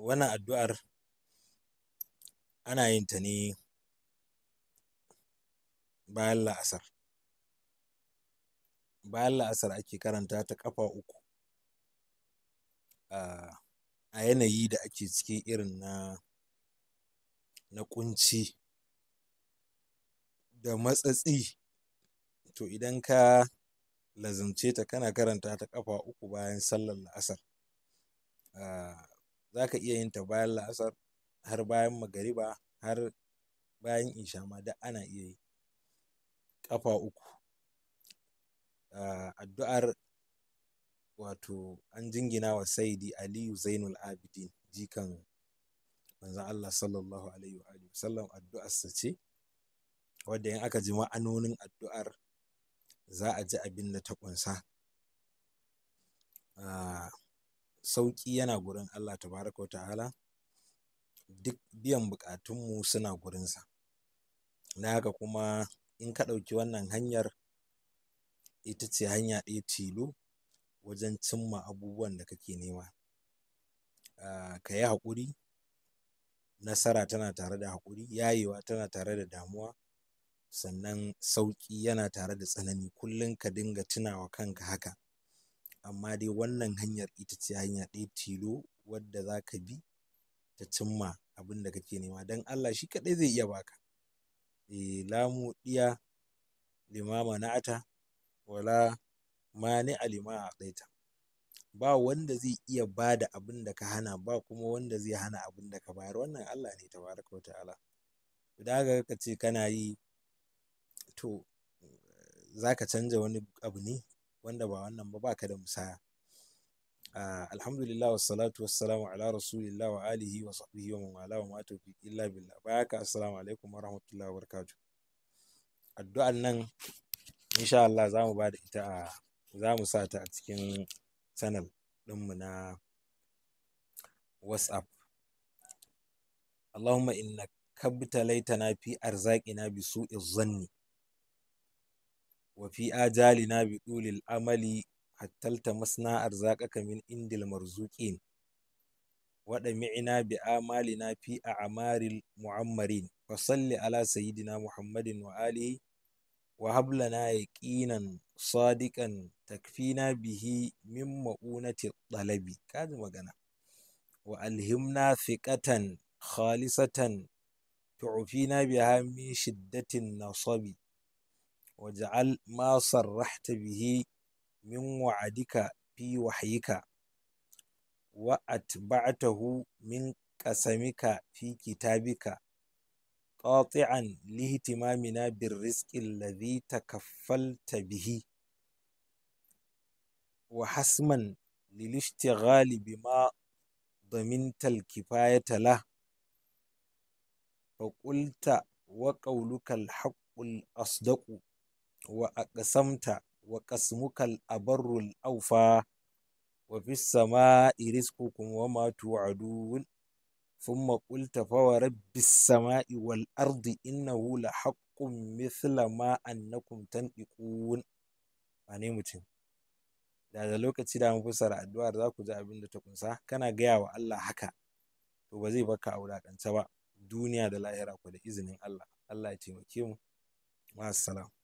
wannan addu'ar ana yin ta ne bayan la'asar bayan la'asar ake karanta ta ƙafa uku ah, a yanayi da ake ciki irin na na ƙunci da matsatsi to idan ka lazumce ta kana karanta ta ƙafa uku bayan sallar la'asar ah, za ka iya yin ta bayan la'asar har bayan magariba har bayan isha ma duk ana iya yi ƙafa uku addu'ar wato an jingina wa saidi aliyu zainul abidin jikan manzan Allah sallallahu alaihi wa alihi sallam sa ce wadda in aka ji ma'anonin addu'ar za a ji abin da ta ƙunsa sauƙi yana gurin Allah tabaraka ta'ala duk biyan buƙatunmu suna gurinsa na haka kuma in ka ɗauki wannan hanyar ita ce hanya ɗaya tilo wajen cimma abubuwan da kake nema ah, ka yi haƙuri nasara tana tare da haƙuri yayewa tana tare da damuwa sannan sauƙi yana tare da tsanani kullum ka dinga tunawa kanka haka amma dai wannan hanyar ita ce hanya ɗaya tilo wadda za ka bi ta cimma abin da kake nema don Allah shi kaɗai zai iya baka e eh, lamu ɗiya limama ata wala mani alima a ɗaita ba wanda zai iya ba da abin da ka hana ba kuma wanda zai hana abin da ka bayar wannan Allah ne tabaraka wa ta'ala ka ce kana yi to za ka canja wani abu ne wanda ba wannan ba baka da musaya alhamdulillah wassalatu wassalamu ala rasulillah wa alihi wa sahbihi wa man wala wa ma tawfiq illa billah bayaka assalamu alaikum wa rahmatullahi wa barakatuh addu'an nan insha Allah za mu bada ita a za mu sa ta a cikin channel ɗinmu na WhatsApp Allahumma inna kabtalaitana fi arzaqina bi su'i zanni وفي آجالنا بطول الأمل حتى التمسنا أرزاقك من عند المرزوقين ودمعنا بآمالنا في أعمار المعمرين فصل على سيدنا محمد وآله وهب لنا يقينا صادقا تكفينا به من مؤونة الطلب كاد مغنى وألهمنا ثقة خالصة تعفينا بها من شدة النصب واجعل ما صرحت به من وعدك في وحيك وأتبعته من قسمك في كتابك قاطعا لاهتمامنا بالرزق الذي تكفلت به وحسما للاشتغال بما ضمنت الكفاية له فقلت وقولك الحق الأصدق wa aqsamta wa qasmukal abarrul awfa wa fis sama'i rizqukum wa ma tu'adun ثم قلت فورب السماء والأرض إنه لحق مثل ما أنكم تنطقون wane mutum da da lokaci da mun fassara addu'ar zaku ku ji abin da ta kunsa kana gaya wa Allah haka to ba zai baka a wulakance ba duniya da lahira ko da izinin Allah Allah ya taimake mu ma